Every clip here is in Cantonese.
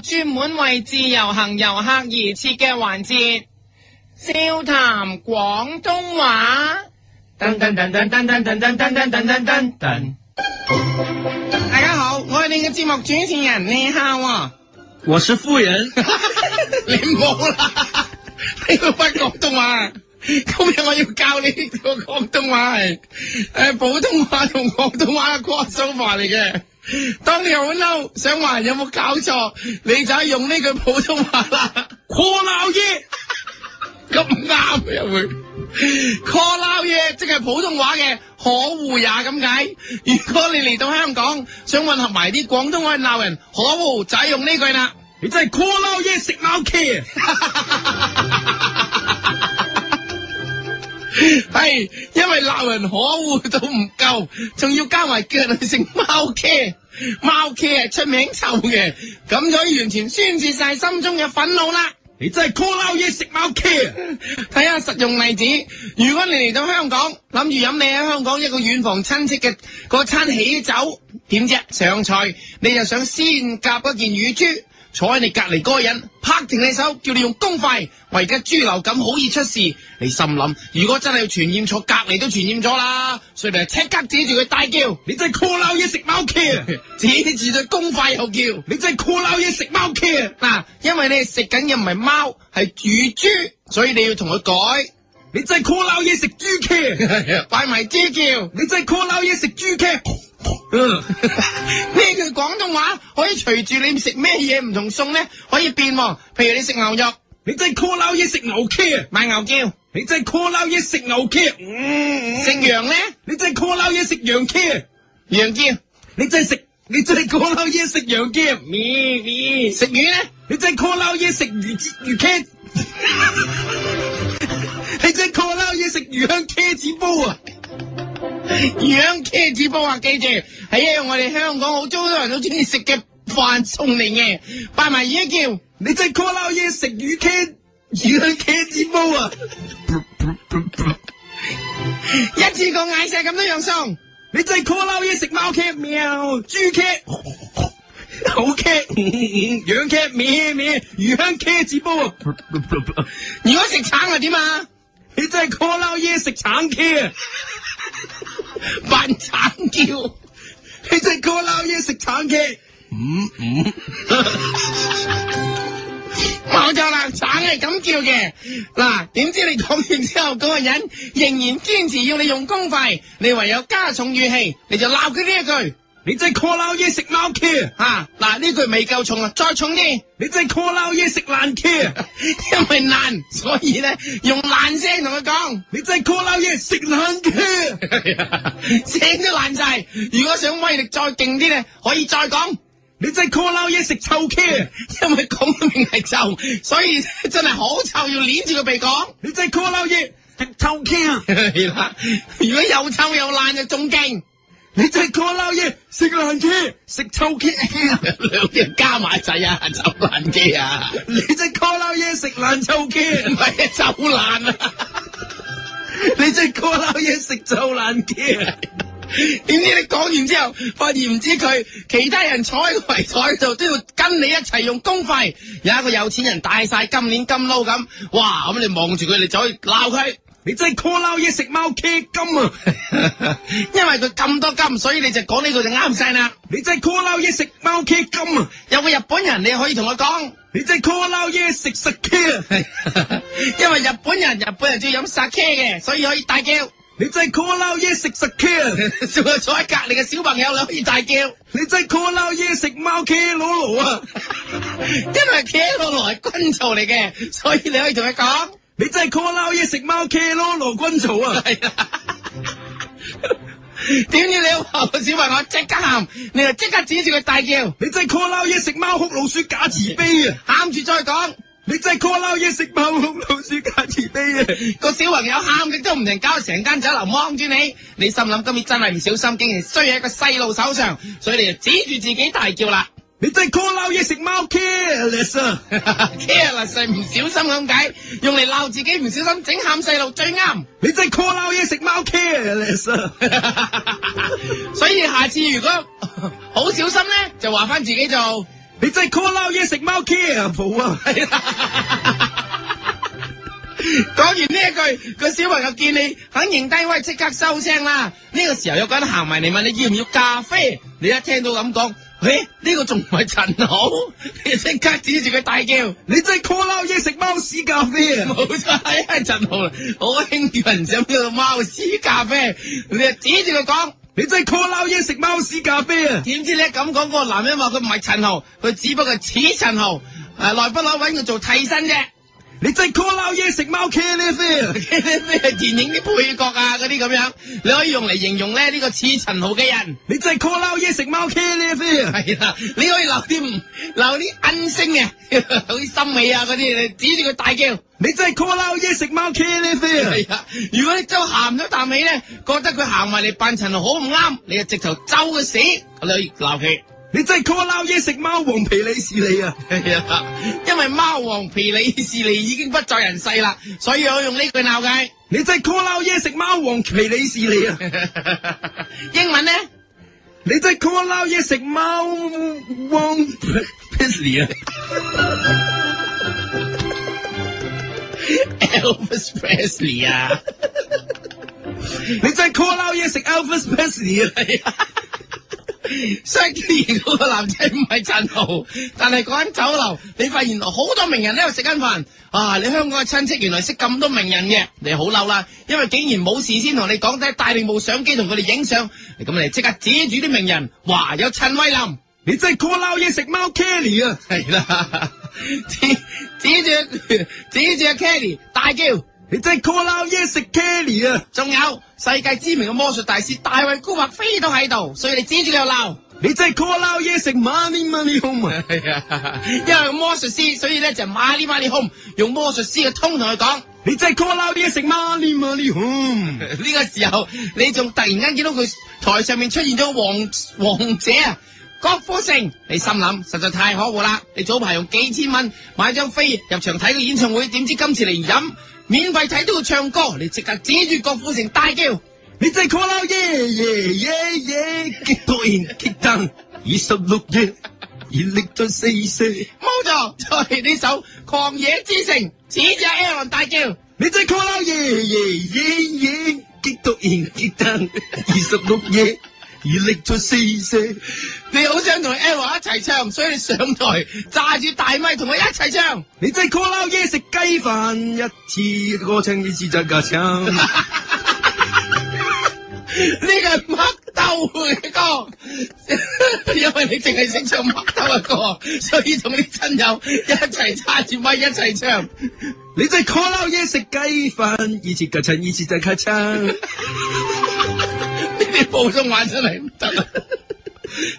專門為自由行遊客而設嘅環節，笑談廣東話。等等等等等等等等等等等等等。大家好，我係你嘅節目主持人，你好，哦。我是夫人， 你冇啦，你唔識廣東話，今日 我要教你個廣東話嚟，誒 asi，普通話同廣東話嘅跨手法嚟嘅。當你好嬲，想話人有冇搞錯，你就用呢句普通話啦。Call 撈嘢咁啱啊！Call out yeah! 又會 Call 撈嘢，即係普通話嘅可惡也咁解。 如果你嚟到香港，想混合埋啲廣東話鬧人，可惡就係用呢句啦。你真係 Call 撈嘢食貓企。係 因為鬧人可惡都唔夠，仲要加埋腳去食貓 K 貓 K 係出名臭嘅，咁就可以完全宣泄晒心中嘅憤怒啦。你真係 call 撈嘢食貓 K！睇下實用例子，如果你嚟到香港，諗住飲你喺香港一個遠房親戚嘅、嗰個餐喜酒，點啫？上菜你就想先夾嗰件乳豬。坐喺你隔籬嗰個人拍停你手，叫你用公筷。我而家豬流感好易出事，你心諗，如果真係要傳染錯，隔籬都傳染咗啦，所以咪即刻指住佢大叫：你真係 call 撈嘢食貓橋！自己指住對公筷又叫：你真係 call 撈嘢食貓橋！嗱，因為你食緊嘅唔係貓，係豬豬，所以你要同佢改。你真係 call 撈嘢食豬橋，擺埋遮叫。 你真係 call 撈嘢食豬橋。叫.嗯，呢句廣東話可以隨住你食咩嘢唔同餸咧，可以變。譬如你食牛肉，你真係 call 撈嘢食牛茄，買牛叫，你真係 call 撈嘢食牛茄、嗯。嗯，食羊咧，你真係 call 撈嘢食羊茄，羊叫蕉，你真係食，蕉你真係 call 撈嘢食羊叫。咪咪，食魚咧，你真係 call 撈嘢食魚子魚茄， 你真係 call 撈嘢食魚香茄子煲啊！ 養茄子煲啊！記住，係因為我哋香港好，好多人都中意食嘅飯餸嚟嘅。擺埋而家叫，你真係 call 撈嘢食魚茄，魚香茄子煲啊！一次過嗌晒咁多樣餸，你真係 call 撈嘢食貓茄、喵、豬茄、狗 okay, 茄、羊茄、咩咩、魚香茄子煲啊！ 如果食橙啊，點啊？ 你真係 call 撈嘢食橙茄。啊！ 扮慘叫，你真係叫我撈嘢食慘嘅、 嗯，嗯嗯，冇錯啦，慘係咁叫嘅。嗱，點知你講完之後，嗰個人仍然堅持要你用公費，你唯有加重語氣，你就鬧佢呢一句。你真係 call 撈嘢食 cure 吓，嗱呢句未夠重啊，再重啲！你真係 call 撈嘢食爛 cure 因為爛所以咧用爛聲同佢講，你真係 call 撈嘢食爛 cure 聲都爛晒。如果想威力再勁啲咧，可以再講，你真係 call 撈嘢食臭 cure，因為講明係臭，所以真係好臭，要捏住個鼻講，你真係 call 撈嘢食臭 cure。如果又臭又爛就仲勁。你真係 call 撈嘢，食爛機，食臭機，兩嘢加埋仔啊，走爛機啊！你真係 call 撈嘢，食爛臭機，唔係啊，走爛啦！啊、 你真係 call 撈嘢，食臭爛機，點知你講完之後，發現唔知佢其他人坐喺個圍台度都要跟你一齊用公費，有一個有錢人帶晒今年金撈咁，哇！咁你望住佢，你走去鬧佢。你真係 call 撈嘢食貓茄金啊！ 因為佢咁多金，所以你就講呢句就啱晒啦。你真係 call 撈嘢食貓茄金啊！有個日本人你可以同我講，你真係 call 撈嘢食食茄啊！ 因為日本人日本人最飲實茄嘅，所以可以大叫。你真係 call 撈嘢食食茄啊！仲 有坐喺隔籬嘅小朋友你可以大叫。你真係 call 撈嘢食貓茄羅羅啊！ 因為茄羅羅原來係軍曹嚟嘅，所以你可以同佢講。你真係 call 撈嘢食貓 Keroro 軍曹啊！係啊！點知個小朋友即刻喊，你就即刻指住佢大叫，你真係 call 撈嘢食貓哭老鼠假慈悲啊！喊住 再講，你真係 call 撈嘢食貓哭老鼠假慈悲啊！ 個小朋友喊極都唔停搞，搞到成間酒樓望住你，你心諗今次真係唔小心，竟然衰喺個細路手上，所以你就指住自己大叫啦。你真係 call 撈嘢食貓 care less 啊！care less 唔小心咁解，用嚟鬧自己唔小心整喊細路最啱。你真係 call 撈嘢食貓 care less。貓啊！ 所以下次如果 好小心咧，就話翻自己做。你真係 call 撈嘢食貓 care 啊！講 完呢一句，個小朋友見你肯認低，威，即刻收聲啦！呢、這個時候有個人行埋嚟問你，你要唔要咖啡，你一聽到咁講。喂，呢、欸，這個仲唔係陳豪？ 你即刻指住佢大叫，你真係 call 撈嘢食貓屎咖啡啊！冇 錯，係陳豪，我兄弟想叫做貓屎咖啡。你啊指住佢講， 你真係 call 撈嘢食貓屎咖啡啊！點 知你一咁講，個男人話佢唔係陳豪，佢只不過似陳豪，係、呃、來不嬲搵佢做替身啫。你真係 call 撈嘢食貓 K 呢啡，咩電影啲配角啊嗰啲咁樣，你可以用嚟形容咧呢個似陳豪嘅人。你真係 call 撈嘢食貓 K 呢啡，係啦，你可以留啲留啲恩聲嘅，好啲心味啊嗰啲，指住佢大叫，你真係 call 撈嘢食貓 K 呢啡。係啊，如果你周咸咗啖氣咧，覺得佢行埋嚟扮陳豪好唔啱，你就直頭周佢死，你鬧佢。你真係 call 撈嘢食貓王皮利士利啊，係啊，因為貓王皮利士利已經不在人世啦，所以我用呢句鬧街。你真係 call 撈嘢食貓王皮利士利啊， 英文呢？你真係 call 撈嘢食貓王皮利士啊，Elvis Presley 啊， 你真係 call 撈嘢食 Elvis Presley 啊。 雖然嗰個男仔唔係陳豪，但係講喺酒樓，你發現好多名人喺度食緊飯。啊！你香港嘅親戚原來識咁多名人嘅，你好嬲啦！因為竟然冇事先同你講，即係帶定部相機同佢哋影相。咁你即刻指住啲名人，哇！有陳慧琳，你真係 call 撈嘢食貓 Kelly 啊！係 啦，指指住指住阿 Kelly 大叫。你真係 call 撈嘢食 candy 啊！仲有世界知名嘅魔術大師大衛高柏飛都喺度，所以你指住你又鬧，你真係 call 撈嘢食 money money home。係啊，因為魔術師，所以咧就係 money money home，用魔術師嘅通同佢講，你真係 call 撈嘢食 money money home。呢 個時候，你仲突然間見到佢台上面出現咗王王者啊！郭富城，你心諗實在太可惡啦！你早排用幾千蚊買張飛入場睇個演唱會，點知今次嚟飲免費睇都要唱歌，你即刻指住郭富城大叫：你真係 Call 撈耶耶耶耶！結多然激燈二十六夜，而力在四四冇錯，就係呢首狂野之城，指住 Aaron 大叫：你真係 Call 撈耶耶耶耶！結多然激燈二十六夜。 而力出四聲，你好想同 L、ER、一齊唱，所以你上台揸住大咪同我一齊唱。你真係 call 撈嘢、yeah，食雞飯，一次歌唱一次真隔唱。呢個係麥兜嘅歌，因為你淨係識唱麥兜嘅歌，所以同啲親友一齊揸住咪一齊唱。你真係 call 撈嘢食雞飯，一次噶唱一次真噶唱。 好中玩出嚟唔得啦！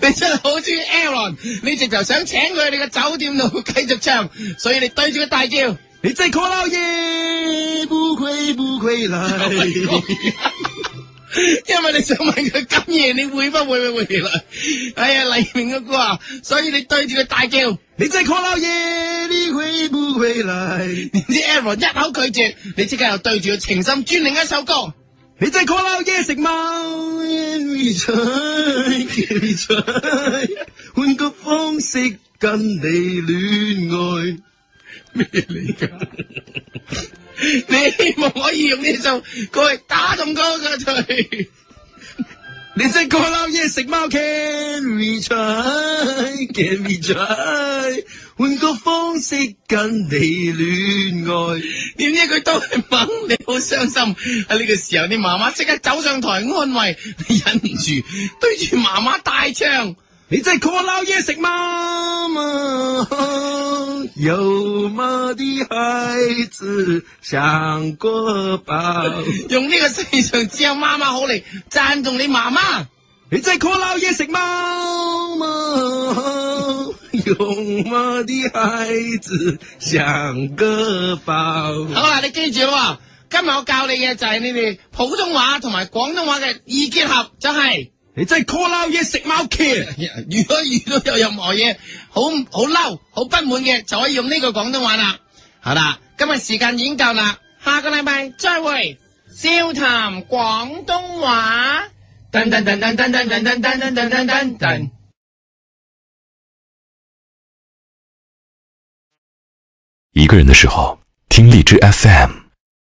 你真係好中意 Aaron 你直頭想請佢去你個酒店度繼續唱，所以你對住佢大叫，你真係 call 撈嘢，不愧不愧來， 因為你想問佢今夜你會不,會不會回來？哎呀黎明嘅歌啊，所以你對住佢大叫，你真係 call 撈嘢，你會不會來？點 知 Aaron 一口拒絕，你即刻又對住佢情深專另一首歌。你真係可撈嘢食嗎？精彩精彩，換個方式跟你戀愛咩嚟噶？ 你希望可以用呢首歌嚟打動哥嘅嘴？就是你識講撈嘢食貓？Can we try, can we try，換個方式跟你戀愛。點知佢都係猛你，你好傷心。喺呢個時候，你媽媽即刻走上台安慰，你忍唔住對住媽媽大唱。你真係 call 撈嘢食嘛？有媽的孩子像個寶。 用呢個世上只有媽媽好嚟讚頌你媽媽。你真係 call 撈嘢食嘛？有媽，媽，媽的孩子像個寶。好啦，你記住，今日我教你嘅就係你哋普通話同埋廣東話嘅意結合，就係、是。你真係 call 撈嘢食貓橋，如果遇到有任何嘢好好嬲、好不滿嘅，就可以用呢個廣東話啦。好啦，今日時間已經夠啦，下個禮拜再會，笑談廣東話。噔噔噔噔噔噔噔噔噔噔噔噔。一個人嘅時候，聽荔枝 FM。